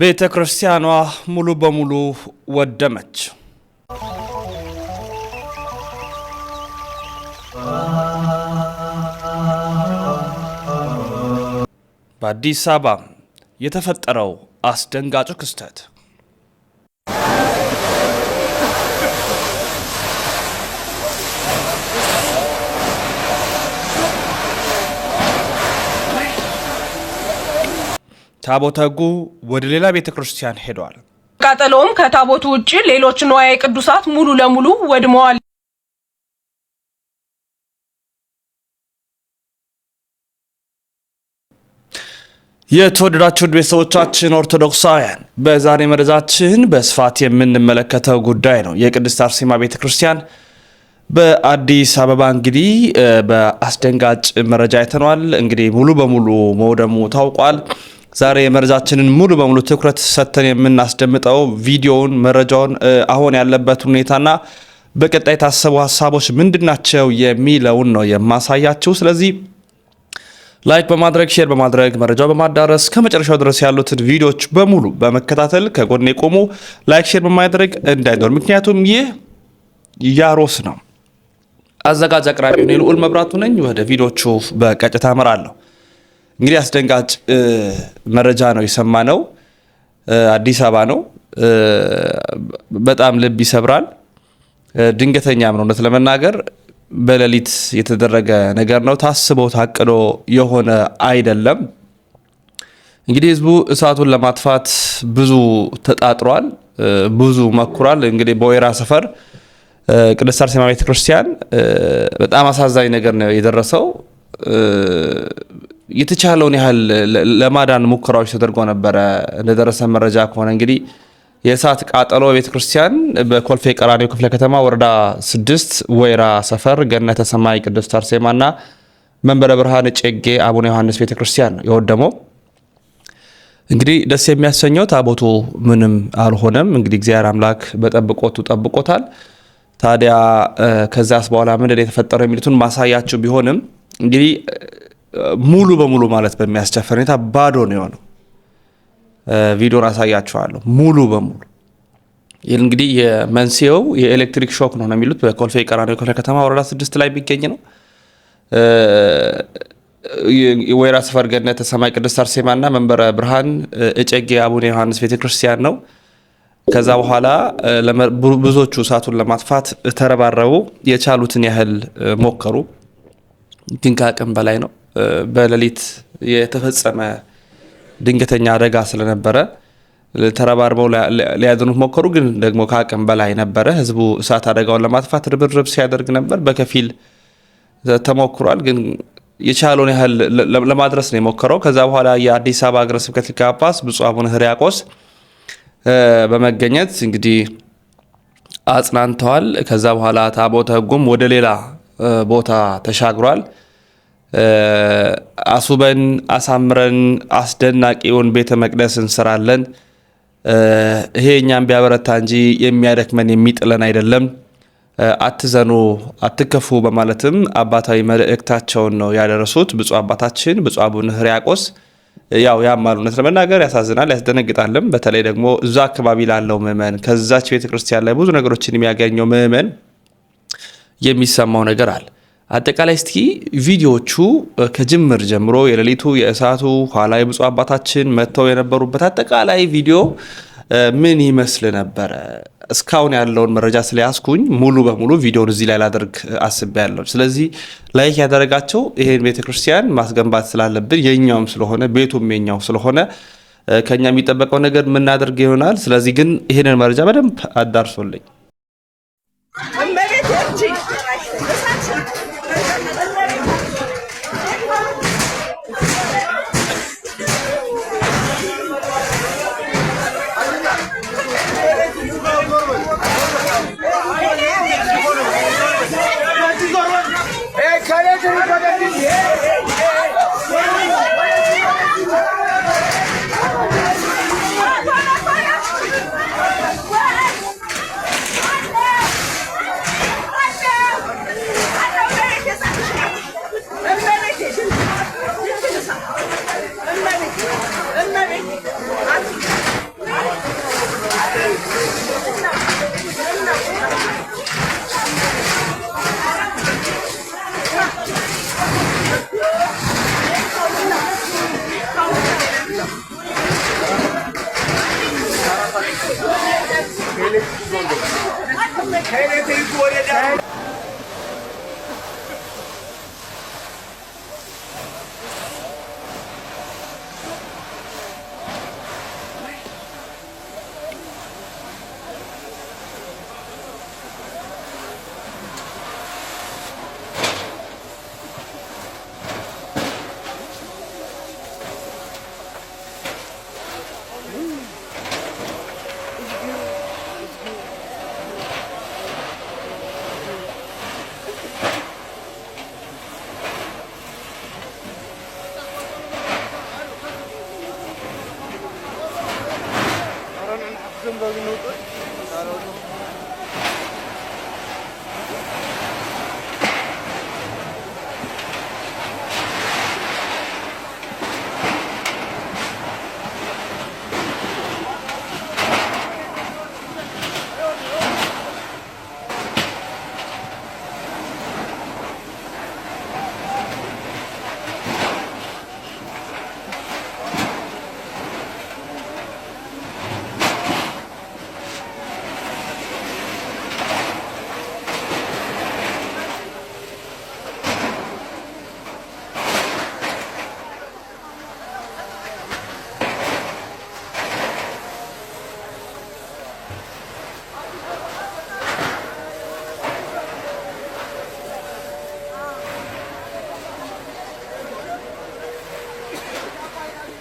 ቤተ ክርስቲያኗ ሙሉ በሙሉ ወደመች። በአዲስ አበባ የተፈጠረው አስደንጋጩ ክስተት ታቦተ ሕጉ ወደ ሌላ ቤተ ክርስቲያን ሄደዋል። ቀጠሎም ከታቦቱ ውጭ ሌሎች ንዋየ ቅዱሳት ሙሉ ለሙሉ ወድመዋል። የተወደዳችሁን ቤተሰቦቻችን ኦርቶዶክሳውያን በዛሬ መረጃችን በስፋት የምንመለከተው ጉዳይ ነው። የቅድስት አርሴማ ቤተ ክርስቲያን በአዲስ አበባ እንግዲህ በአስደንጋጭ መረጃ አይተነዋል። እንግዲህ ሙሉ በሙሉ መውደሙ ታውቋል። ዛሬ መረጃችንን ሙሉ በሙሉ ትኩረት ሰጥተን የምናስደምጠው ቪዲዮውን፣ መረጃውን፣ አሁን ያለበት ሁኔታና በቀጣይ የታሰቡ ሀሳቦች ምንድናቸው የሚለውን ነው የማሳያችሁ። ስለዚህ ላይክ በማድረግ ሼር በማድረግ መረጃው በማዳረስ ከመጨረሻው ድረስ ያሉትን ቪዲዮዎች በሙሉ በመከታተል ከጎን የቆሙ ላይክ ሼር በማድረግ እንዳይኖር፣ ምክንያቱም ይህ ያሮስ ነው። አዘጋጅ አቅራቢ የልዑል መብራቱ ነኝ። ወደ ቪዲዮቹ በቀጥታ አመራለሁ። እንግዲህ አስደንጋጭ መረጃ ነው የሰማነው። አዲስ አበባ ነው። በጣም ልብ ይሰብራል። ድንገተኛም ነው። እውነት ለመናገር በሌሊት የተደረገ ነገር ነው። ታስቦ ታቅዶ የሆነ አይደለም። እንግዲህ ህዝቡ እሳቱን ለማጥፋት ብዙ ተጣጥሯል፣ ብዙ መኩራል። እንግዲህ በወይራ ሰፈር ቅድስት አርሴማ ቤተክርስቲያን በጣም አሳዛኝ ነገር ነው የደረሰው። የተቻለውን ያህል ለማዳን ሙከራዎች ተደርጎ ነበረ። እንደደረሰ መረጃ ከሆነ እንግዲህ የእሳት ቃጠሎ ቤተክርስቲያን በኮልፌ ቀራኒዮ ክፍለ ከተማ ወረዳ ስድስት ወይራ ሰፈር ገነተ ሰማይ ቅድስት አርሴማና መንበረ ብርሃን ጨጌ አቡነ ዮሐንስ ቤተክርስቲያን ነው የወደመው። እንግዲህ ደስ የሚያሰኘው ታቦቱ ምንም አልሆነም። እንግዲህ እግዚአብሔር አምላክ በጠብቆቱ ጠብቆታል። ታዲያ ከዚያስ በኋላ ምንድን የተፈጠረው የሚሉትን ማሳያቸው ቢሆንም እንግዲህ ሙሉ በሙሉ ማለት በሚያስቸፍር ሁኔታ ባዶ ነው የሆነው። ቪዲዮን አሳያችኋለሁ። ሙሉ በሙሉ እንግዲህ የመንስኤው የኤሌክትሪክ ሾክ ነው ነው የሚሉት በኮልፌ ቀራኒዮ ክፍለ ከተማ ወረዳ ስድስት ላይ የሚገኝ ነው። ወይራ ሰፈር ገነተ ሰማይ ቅድስት አርሴማና መንበረ ብርሃን እጨጌ አቡነ ዮሐንስ ቤተክርስቲያን ነው። ከዛ በኋላ ብዙዎቹ እሳቱን ለማጥፋት ተረባረቡ። የቻሉትን ያህል ሞከሩ፣ ግን ከአቅም በላይ ነው። በሌሊት የተፈጸመ ድንገተኛ አደጋ ስለነበረ ተረባርበው ሊያድኑት ሞከሩ። ግን ደግሞ ከአቅም በላይ ነበረ። ህዝቡ እሳት አደጋውን ለማጥፋት ርብርብ ሲያደርግ ነበር። በከፊል ተሞክሯል። ግን የቻለውን ያህል ለማድረስ ነው የሞከረው። ከዛ በኋላ የአዲስ አበባ ሀገረ ስብከት ሊቀ ጳጳስ ብፁዕ አቡነ ህርያቆስ በመገኘት እንግዲህ አጽናንተዋል። ከዛ በኋላ ታቦተ ሕጉም ወደ ሌላ ቦታ ተሻግሯል። አስውበን አሳምረን አስደናቂውን ቤተ መቅደስ እንሰራለን። ይሄ እኛም ቢያበረታ እንጂ የሚያደክመን የሚጥለን አይደለም። አትዘኑ፣ አትከፉ በማለትም አባታዊ መልእክታቸውን ነው ያደረሱት ብፁ አባታችን ብፁ አቡነ ሕርያቆስ። ያው ያማሉ እውነት ለመናገር ያሳዝናል፣ ያስደነግጣልም። በተለይ ደግሞ እዛ አካባቢ ላለው ምዕመን ከዛች ቤተክርስቲያን ላይ ብዙ ነገሮችን የሚያገኘው ምእመን የሚሰማው ነገር አለ አጠቃላይ እስቲ ቪዲዮዎቹ ከጅምር ጀምሮ የሌሊቱ የእሳቱ ኋላ የብፁ አባታችን መጥተው የነበሩበት አጠቃላይ ቪዲዮ ምን ይመስል ነበረ? እስካሁን ያለውን መረጃ ስለያዝኩኝ ሙሉ በሙሉ ቪዲዮን እዚህ ላይ ላደርግ አስቤያለሁ። ስለዚህ ላይክ ያደረጋቸው ይሄን ቤተክርስቲያን ማስገንባት ስላለብን የኛውም ስለሆነ ቤቱም የኛው ስለሆነ ከኛ የሚጠበቀው ነገር የምናደርግ ይሆናል። ስለዚህ ግን ይህንን መረጃ በደንብ አዳርሶልኝ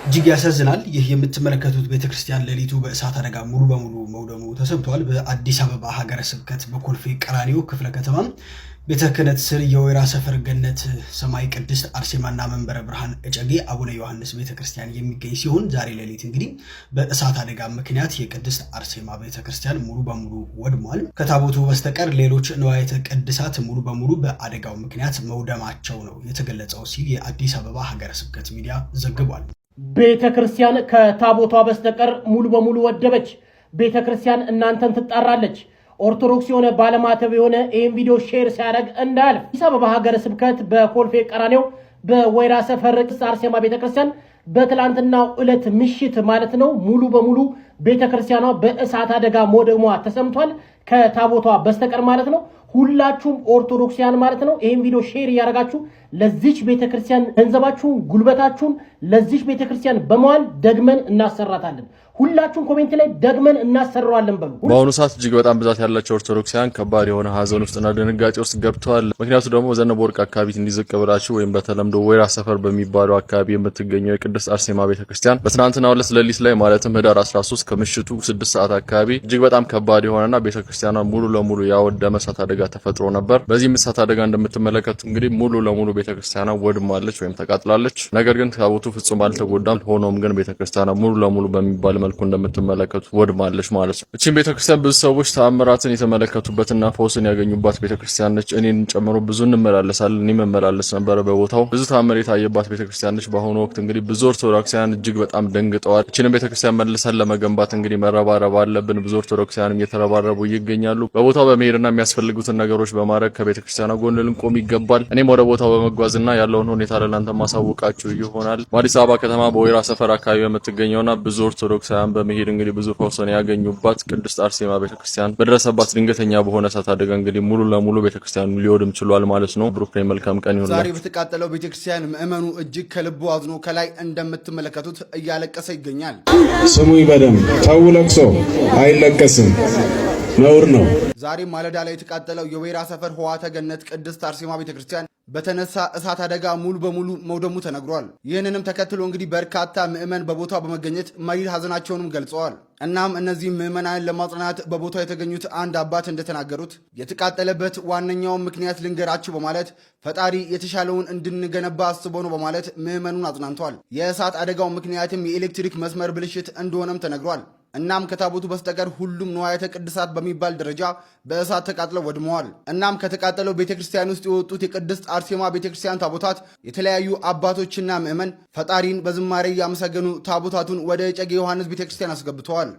እጅግ ያሳዝናል። ይህ የምትመለከቱት ቤተክርስቲያን ሌሊቱ በእሳት አደጋ ሙሉ በሙሉ መውደሙ ተሰምቷል። በአዲስ አበባ ሀገረ ስብከት በኮልፌ ቀራኒዮ ክፍለ ከተማ ቤተ ክህነት ስር የወይራ ሰፈር ገነት ሰማይ ቅድስት አርሴማና መንበረ ብርሃን እጨጌ አቡነ ዮሐንስ ቤተ ክርስቲያን የሚገኝ ሲሆን ዛሬ ሌሊት እንግዲህ በእሳት አደጋ ምክንያት የቅድስት አርሴማ ቤተ ክርስቲያን ሙሉ በሙሉ ወድሟል። ከታቦቱ በስተቀር ሌሎች ንዋየተ ቅድሳት ሙሉ በሙሉ በአደጋው ምክንያት መውደማቸው ነው የተገለጸው ሲል የአዲስ አበባ ሀገረ ስብከት ሚዲያ ዘግቧል። ቤተ ክርስቲያን ከታቦቷ በስተቀር ሙሉ በሙሉ ወደበች። ቤተ ክርስቲያን እናንተን ትጣራለች። ኦርቶዶክስ የሆነ ባለማተብ የሆነ ይህን ቪዲዮ ሼር ሲያደርግ እንዳያልፍ። አዲስ አበባ ሀገረ ስብከት በኮልፌ ቀራኔው በወይራ ሰፈር ቅድስት አርሴማ ቤተ ክርስቲያን በትላንትና ዕለት ምሽት ማለት ነው ሙሉ በሙሉ ቤተ ክርስቲያኗ በእሳት አደጋ መውደሟ ተሰምቷል። ከታቦቷ በስተቀር ማለት ነው። ሁላችሁም ኦርቶዶክሲያን ማለት ነው ይህን ቪዲዮ ሼር እያደረጋችሁ ለዚች ቤተክርስቲያን ገንዘባችሁን፣ ጉልበታችሁን ለዚች ቤተክርስቲያን በመዋል ደግመን እናሰራታለን። ሁላችሁም ኮሜንት ላይ ደግመን እናሰራዋለን በሉ። በአሁኑ ሰዓት እጅግ በጣም ብዛት ያላቸው ኦርቶዶክሲያን ከባድ የሆነ ሀዘን ውስጥና ድንጋጤ ውስጥ ገብተዋል። ምክንያቱ ደግሞ ዘነበ ወርቅ አካባቢ እንዲዝቅ ብላችሁ ወይም በተለምዶ ወይራ ሰፈር በሚባለው አካባቢ የምትገኘው የቅድስት አርሴማ ቤተክርስቲያን በትናንትና ሁለት ሌሊት ላይ ማለትም ህዳር 13 ከምሽቱ 6 ሰዓት አካባቢ እጅግ በጣም ከባድ የሆነና ቤተክርስቲያን ቤተክርስቲያኗን ሙሉ ለሙሉ ያወደመ እሳት አደጋ ተፈጥሮ ነበር። በዚህም እሳት አደጋ እንደምትመለከቱ እንግዲህ ሙሉ ለሙሉ ቤተክርስቲያኗ ወድማለች ወይም ተቃጥላለች። ነገር ግን ታቦቱ ፍጹም አልተጎዳም። ሆኖም ግን ቤተክርስቲያኗ ሙሉ ለሙሉ በሚባል መልኩ እንደምትመለከቱ ወድማለች ማለት ነው። እቺን ቤተክርስቲያን ብዙ ሰዎች ተአምራትን የተመለከቱበትና ፈውስን ያገኙባት ቤተክርስቲያን ነች። እኔን ጨምሮ ብዙ እንመላለሳለን። እኔ መመላለስ ነበረ በቦታው። ብዙ ተአምር የታየባት ቤተክርስቲያን ነች። በአሁኑ ወቅት እንግዲህ ብዙ ኦርቶዶክሳውያን እጅግ በጣም ደንግጠዋል። እችንም ቤተክርስቲያን መልሰን ለመገንባት እንግዲህ መረባረብ አለብን። ብዙ ኦርቶዶክሳውያንም እየተረባረቡ ይገ ይገኛሉ። በቦታው በመሄድና የሚያስፈልጉትን ነገሮች በማድረግ ከቤተ ክርስቲያኑ ጎን ልንቆም ይገባል። እኔም ወደ ቦታው በመጓዝና ያለውን ሁኔታ ለእናንተ ማሳወቃችሁ ይሆናል። በአዲስ አበባ ከተማ በወይራ ሰፈር አካባቢ በምትገኘውና ብዙ ኦርቶዶክሳውያን በመሄድ እንግዲህ ብዙ ፈውስን ያገኙባት ቅድስት አርሴማ ቤተክርስቲያን በደረሰባት ድንገተኛ በሆነ እሳት አደጋ እንግዲህ ሙሉ ለሙሉ ቤተክርስቲያኑ ሊወድም ችሏል ማለት ነው። ብሩክ መልካም ቀን ይሁንላችሁ። ዛሬ በተቃጠለው ቤተክርስቲያን ምእመኑ እጅግ ከልቡ አዝኖ ከላይ እንደምትመለከቱት እያለቀሰ ይገኛል። ስሙ ይበደም ተው ለቅሶ አይለቀስም። ነውር ነው። ዛሬ ማለዳ ላይ የተቃጠለው የወይራ ሰፈር ህዋተ ገነት ቅድስት አርሴማ ቤተክርስቲያን በተነሳ እሳት አደጋ ሙሉ በሙሉ መውደሙ ተነግሯል። ይህንንም ተከትሎ እንግዲህ በርካታ ምዕመን በቦታው በመገኘት መሪር ሀዘናቸውንም ገልጸዋል። እናም እነዚህ ምዕመናን ለማጽናናት በቦታው የተገኙት አንድ አባት እንደተናገሩት የተቃጠለበት ዋነኛውን ምክንያት ልንገራችሁ በማለት ፈጣሪ የተሻለውን እንድንገነባ አስቦ ነው በማለት ምዕመኑን አጽናንተዋል። የእሳት አደጋው ምክንያትም የኤሌክትሪክ መስመር ብልሽት እንደሆነም ተነግሯል። እናም ከታቦቱ በስተቀር ሁሉም ንዋያተ ቅድሳት በሚባል ደረጃ በእሳት ተቃጥለው ወድመዋል። እናም ከተቃጠለው ቤተ ክርስቲያን ውስጥ የወጡት የቅድስት አርሴማ ቤተ ክርስቲያን ታቦታት የተለያዩ አባቶችና ምዕመን ፈጣሪን በዝማሬ እያመሰገኑ ታቦታቱን ወደ እጨጌ ዮሐንስ ቤተ ክርስቲያን አስገብተዋል።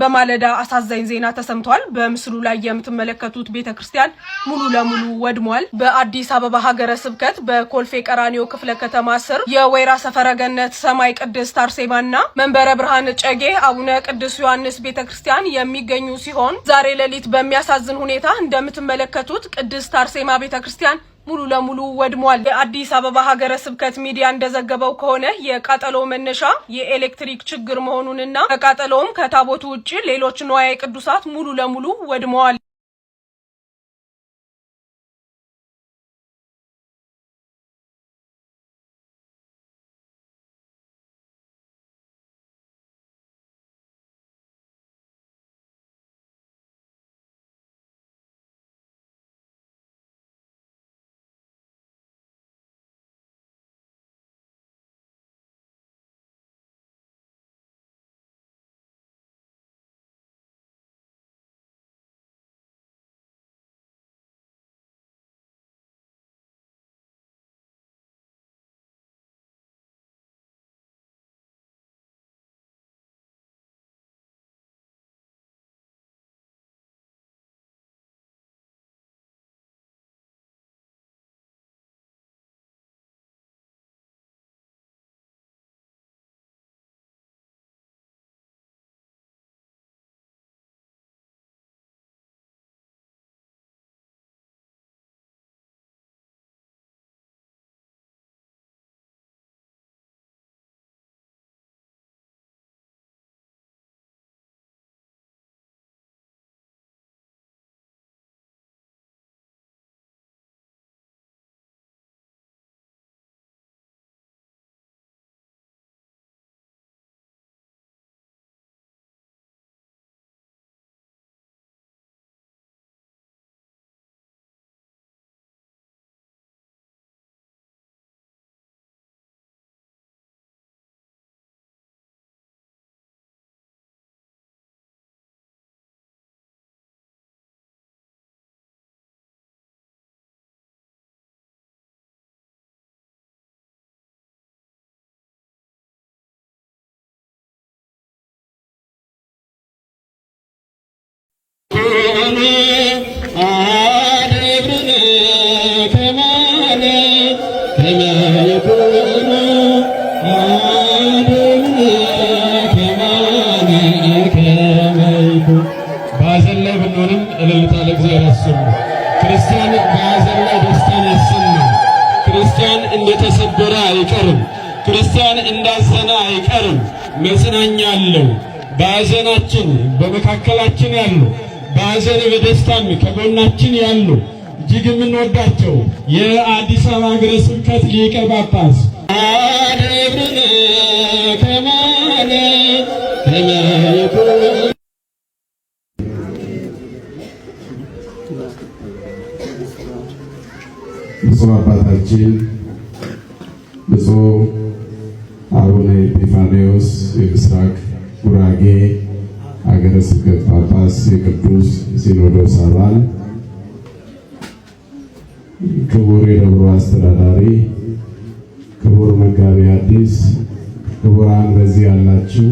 በማለዳ አሳዛኝ ዜና ተሰምቷል። በምስሉ ላይ የምትመለከቱት ቤተ ክርስቲያን ሙሉ ለሙሉ ወድሟል። በአዲስ አበባ ሀገረ ስብከት በኮልፌ ቀራኒዮ ክፍለ ከተማ ስር የወይራ ሰፈረ ገነት ሰማይ ቅድስት አርሴማና መንበረ ብርሃን እጨጌ አቡነ ቅዱስ ዮሐንስ ቤተ ክርስቲያን የሚገኙ ሲሆን ዛሬ ሌሊት በሚያሳዝን ሁኔታ እንደምትመለከቱት ቅድስት አርሴማ ቤተ ክርስቲያን ሙሉ ለሙሉ ወድሟል። የአዲስ አበባ ሀገረ ስብከት ሚዲያ እንደዘገበው ከሆነ የቃጠሎ መነሻ የኤሌክትሪክ ችግር መሆኑንና ከቃጠሎም ከታቦቱ ውጭ ሌሎች ንዋየ ቅዱሳት ሙሉ ለሙሉ ወድመዋል። አስቡ። ክርስቲያን በሐዘን ላይ ደስታን ያሰማ። ክርስቲያን እንደተሰበረ አይቀርም። ክርስቲያን እንዳዘነ አይቀርም። መጽናኛ አለው። በሐዘናችን በመካከላችን ያሉ በሐዘን በደስታም ከጎናችን ያሉ እጅግ የምንወዳቸው የአዲስ አበባ ሀገረ ስብከት ሊቀ ጳጳስ አደብነ ከማለ አባታችን ብፁዕ አቡነ ኤጲፋንዮስ የምስራቅ ጉራጌ ሀገረ ስብከት ጳጳስ፣ የቅዱስ ሲኖዶስ አባል፣ ክቡር የደብሮ አስተዳዳሪ፣ ክቡር መጋቢ አዲስ፣ ክቡራን በዚህ ያላችሁ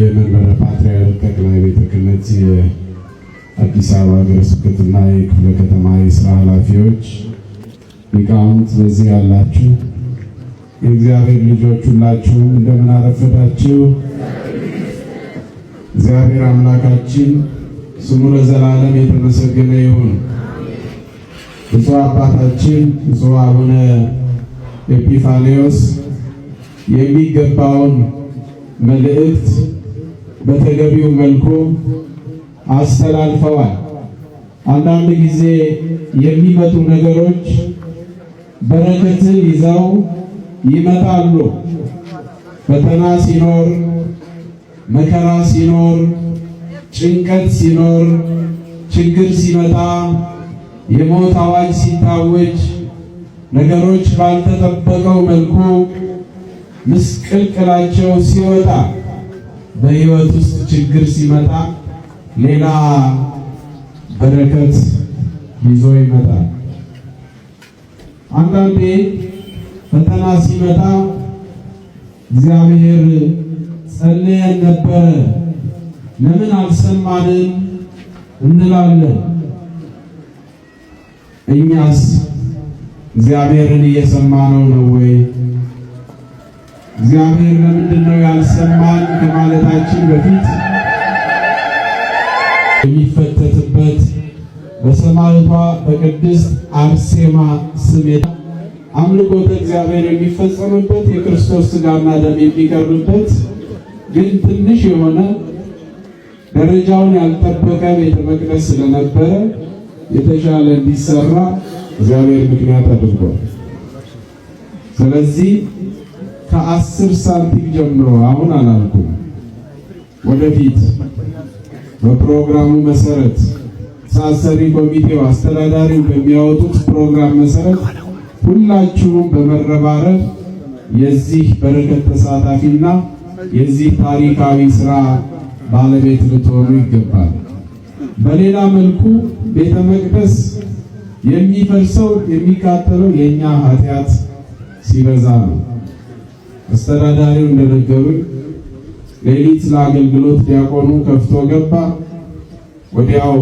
የመንበረ ፓትርያርክ ጠቅላይ ቤተ ክህነት የአዲስ አበባ ሀገረ ስብከትና የክፍለ ከተማ የስራ ኃላፊዎች ሊቃውንት በዚህ ያላችሁ የእግዚአብሔር ልጆች ሁላችሁም እንደምን አረፈዳችሁ? እግዚአብሔር አምላካችን ስሙ ለዘላለም የተመሰገነ ይሁን። ብፁዕ አባታችን ብፁዕ አቡነ ኤጲፋንዮስ የሚገባውን መልእክት በተገቢው መልኩ አስተላልፈዋል። አንዳንድ ጊዜ የሚመጡ ነገሮች በረከት ይዘው ይመጣሉ። ፈተና ሲኖር፣ መከራ ሲኖር፣ ጭንቀት ሲኖር፣ ችግር ሲመጣ፣ የሞት አዋጅ ሲታወጅ፣ ነገሮች ባልተጠበቀው መልኩ ምስቅልቅላቸው ሲወጣ፣ በሕይወት ውስጥ ችግር ሲመጣ ሌላ በረከት ይዞ ይመጣል። አንዳንዴ ፈተና ሲመጣ እግዚአብሔር ጸልየን ነበረ ለምን አልሰማንም እንላለን። እኛስ እግዚአብሔርን እየሰማነው ነው ወይ? እግዚአብሔር ለምንድን ነው ያልሰማን ከማለታችን በፊት የሚፈተት በሰማዕቷ በቅድስት አርሴማ ስም አምልኮተ እግዚአብሔር የሚፈጸምበት የክርስቶስ ስጋና ደም የሚቀርብበት ግን ትንሽ የሆነ ደረጃውን ያልጠበቀ ቤተ መቅደስ ስለነበረ የተሻለ እንዲሰራ እግዚአብሔር ምክንያት አድርጓል። ስለዚህ ከአስር ሳንቲም ጀምሮ አሁን አላልኩም፣ ወደፊት በፕሮግራሙ መሰረት ሳሰሪ ኮሚቴው አስተዳዳሪው በሚያወጡት ፕሮግራም መሰረት ሁላችሁም በመረባረብ የዚህ በረከት ተሳታፊና የዚህ ታሪካዊ ስራ ባለቤት ልትሆኑ ይገባል። በሌላ መልኩ ቤተ መቅደስ የሚፈርሰው የሚቃጠለው የእኛ ኃጢአት ሲበዛ ነው። አስተዳዳሪው እንደነገሩኝ ሌሊት ለአገልግሎት ዲያቆኑ ከፍቶ ገባ። ወዲያው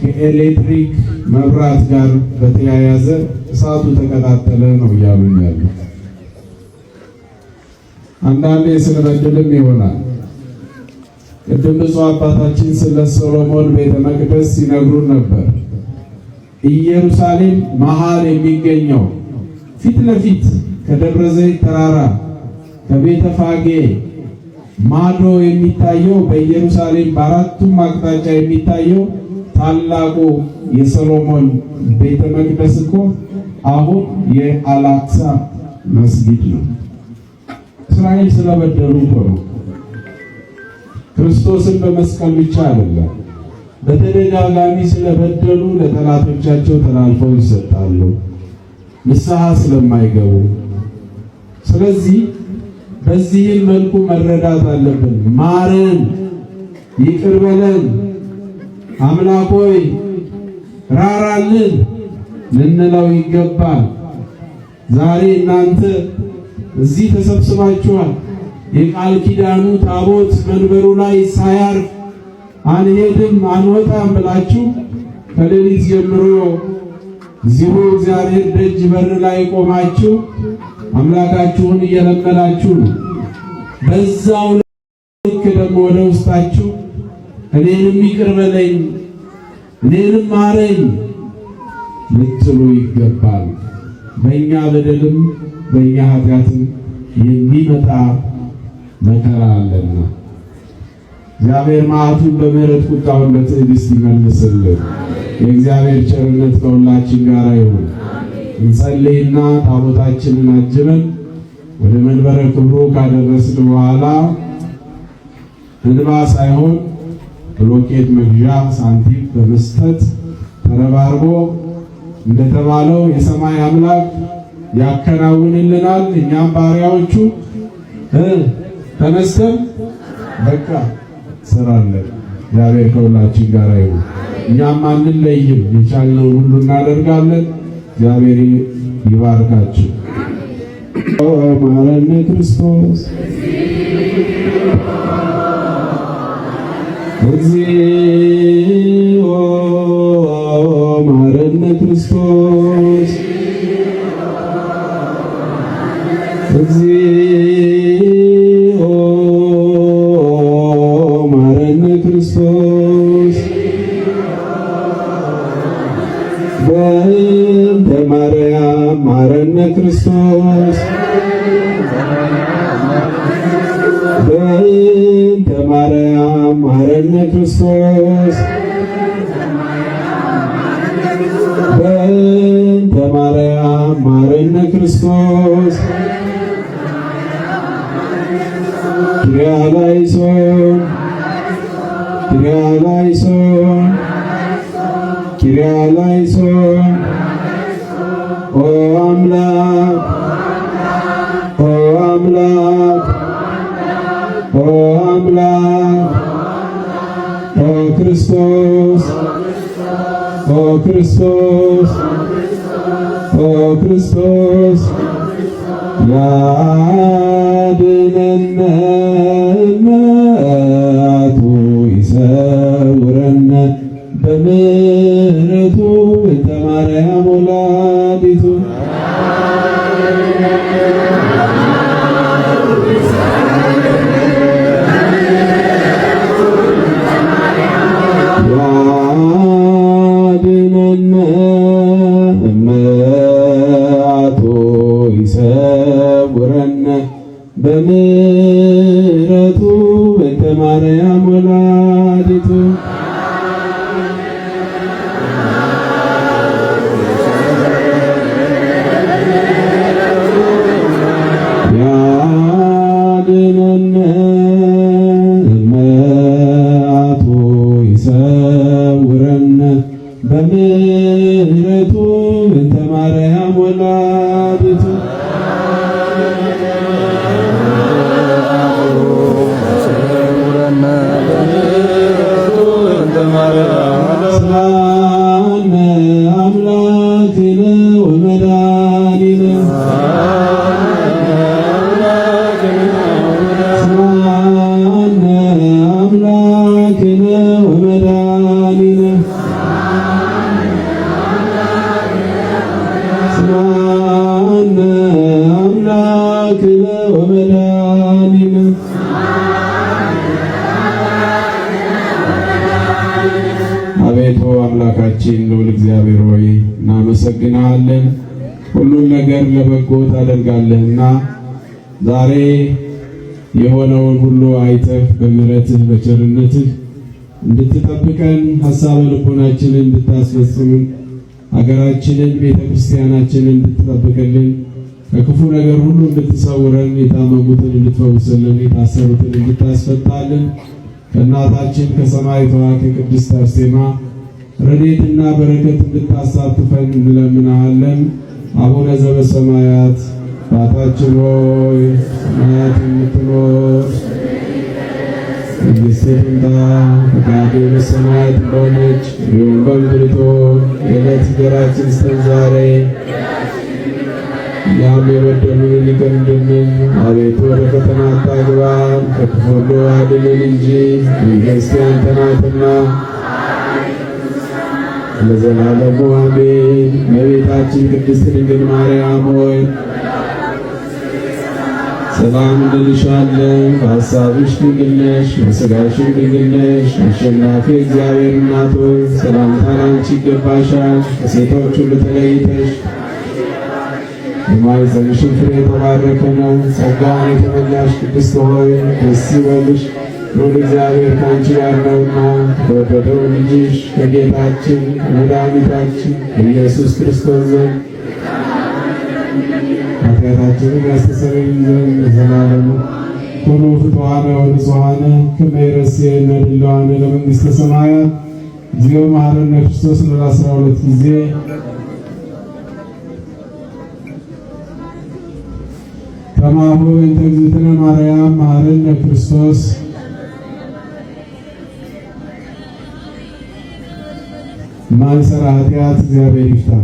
ከኤሌክትሪክ መብራት ጋር በተያያዘ እሳቱ ተቀጣጠለ ነው እያሉኝ ያሉ። አንዳንዴ ስንበድልም ይሆናል። ቅድም ብፁዕ አባታችን ስለ ሶሎሞን ቤተ መቅደስ ሲነግሩን ነበር። ኢየሩሳሌም መሃል የሚገኘው ፊት ለፊት ከደብረ ዘይት ተራራ ከቤተ ፋጌ ማዶ የሚታየው በኢየሩሳሌም በአራቱም አቅጣጫ የሚታየው ታላቁ የሰሎሞን ቤተ መቅደስ እኮ አሁን የአላክሳ መስጊድ ነው። እስራኤል ስለበደሉ እኮ ነው። ክርስቶስን በመስቀል ብቻ አይደለም፣ በተደጋጋሚ ስለበደሉ ለጠላቶቻቸው ተላልፈው ይሰጣሉ፣ ንስሐ ስለማይገቡ። ስለዚህ በዚህም መልኩ መረዳት አለብን። ማረን፣ ይቅር በለን አምላክ ሆይ ራራልን ልንለው ይገባል። ዛሬ እናንተ እዚህ ተሰብስባችኋል። የቃል ኪዳኑ ታቦት መንበሩ ላይ ሳያርፍ አንሄድም አንወጣም ብላችሁ ከሌሊት ጀምሮ እዚሁ እግዚአብሔር ደጅ በር ላይ ቆማችሁ አምላካችሁን እየለመናችሁ ነው። በዛው ልክ ደግሞ ወደ ውስጣችሁ እኔንም ይቅር በለኝ እኔንም ማረኝ ልትሉ ይገባል። በእኛ በደልም በእኛ ኃጢአትም የሚመጣ መከራ አለና እግዚአብሔር መዓቱን በምሕረት ቁጣውን በትዕግስት ይመልስልን። የእግዚአብሔር ቸርነት ከሁላችን ጋር ይሁን። እንጸልይና ታቦታችንን አጅበን ወደ መንበረ ክብሩ ካደረስን በኋላ እንባ ሳይሆን ብሎኬት መግዣ ሳንቲም በመስጠት ተረባርቦ እንደተባለው የሰማይ አምላክ ያከናውንልናል። እኛም ባሪያዎቹ ተነስተን በቃ ስራለን። እግዚአብሔር ከሁላችን ጋር ይሁን። እኛም አንለይም። የቻልነውን ሁሉ እናደርጋለን። እግዚአብሔር ይባርካችሁ። ማረነ ክርስቶስ Zio ክርስቶስ ኦ ክርስቶስ ኦ ክርስቶስ ያድነነ መዓቱ ይሰውረነ በምሕረቱ እተ ማርያም ይሰውረን በምሕረቱ በከማርያም ታደርጋለህና ዛሬ የሆነውን ሁሉ አይተህ በምሕረትህ በቸርነትህ እንድትጠብቀን ሀሳበ ልቦናችንን እንድታስፈጽምን ሀገራችንን ቤተ ክርስቲያናችንን እንድትጠብቅልን ከክፉ ነገር ሁሉ እንድትሰውረን የታመሙትን እንድትፈውስልን የታሰሩትን እንድታስፈታልን ከእናታችን ከሰማዕቷ ከቅድስት አርሴማ ረድኤትና በረከት እንድታሳትፈን እንለምናሃለን። አቡነ ዘበሰማያት አባታችን ሆይ በሰማያት የምትኖር መንግሥትህ ትምጣ፣ ፈቃድህ በሰማይ እንደሆነች እንዲሁም በምድር ትሁን። የዕለት እንጀራችንን ስጠን ዛሬ፣ እኛም የበደሉንን ይቅር እንደምንል፣ አቤቱ ወደ ፈተና አታግባን፣ ከክፉ ሁሉ አድነን እንጂ መንግሥት ያንተ ናትና ለዘላለሙ አሜን። እመቤታችን ቅድስት ድንግል ማርያም ሆይ ሰላም ድልሻለሁ በሀሳብሽ ድንግል ነሽ፣ በስጋሽም ድንግል ነሽ። አሸናፊ እግዚአብሔር እናት ሆይ ሰላምታ ላንቺ ይገባሻል። ከሴቶች ሁሉ ተለይተሽ የማኅፀንሽን ፍሬ የተባረከ ነው። ጸጋን የተመላሽ ቅድስት ሆይ ደስ ይበልሽ፣ ሁሉ እግዚአብሔር ከአንቺ ጋር ነውና ተወደደው ልጅሽ ከጌታችን ከመድኃኒታችን ኢየሱስ ክርስቶስ ዘንድ ሀገራችንን አስተሰረኝ ዘንድ ሁሉ ፍትዋነ ወንጽሐነ ከመ ይረስየ እምድለዋነ ለመንግሥተ ሰማያት እግዚኦ መሐረነ ክርስቶስ ለአስራ ሁለት ጊዜ ከማሁ እንተ እግዝእትነ ማርያም መሐረነ ክርስቶስ ማንሰራ ኃጢአት እግዚአብሔር ይፍታ።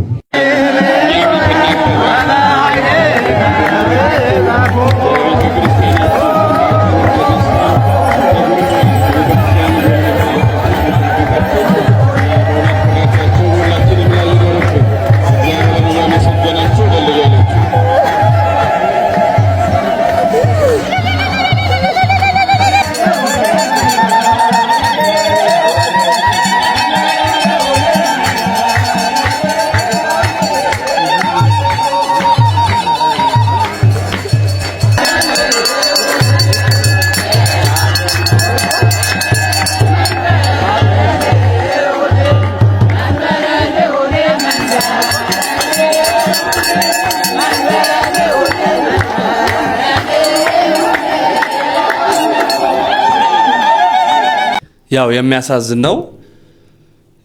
ያው የሚያሳዝን ነው።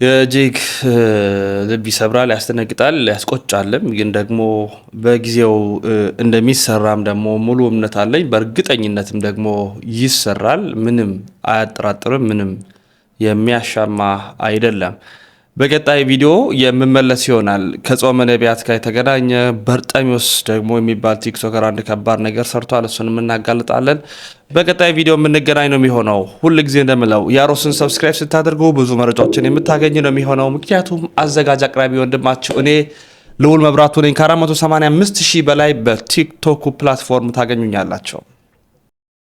የጄግ ልብ ይሰብራል፣ ያስደነግጣል፣ ያስቆጫልም። ግን ደግሞ በጊዜው እንደሚሰራም ደግሞ ሙሉ እምነት አለኝ። በእርግጠኝነትም ደግሞ ይሰራል፣ ምንም አያጠራጥርም፣ ምንም የሚያሻማ አይደለም። በቀጣይ ቪዲዮ የምመለስ ይሆናል። ከጾመ ነቢያት ጋር የተገናኘ በርጠሚዎስ ደግሞ የሚባል ቲክቶከር አንድ ከባድ ነገር ሰርቷል። እሱንም እናጋልጣለን። በቀጣይ ቪዲዮ የምንገናኝ ነው የሚሆነው። ሁል ጊዜ እንደምለው ያሮስን ሰብስክራይብ ስታደርጉ ብዙ መረጃዎችን የምታገኝ ነው የሚሆነው። ምክንያቱም አዘጋጅ አቅራቢ ወንድማችሁ እኔ ልዑል መብራቱ ነኝ። ከ485 ሺህ በላይ በቲክቶኩ ፕላትፎርም ታገኙኛላቸው።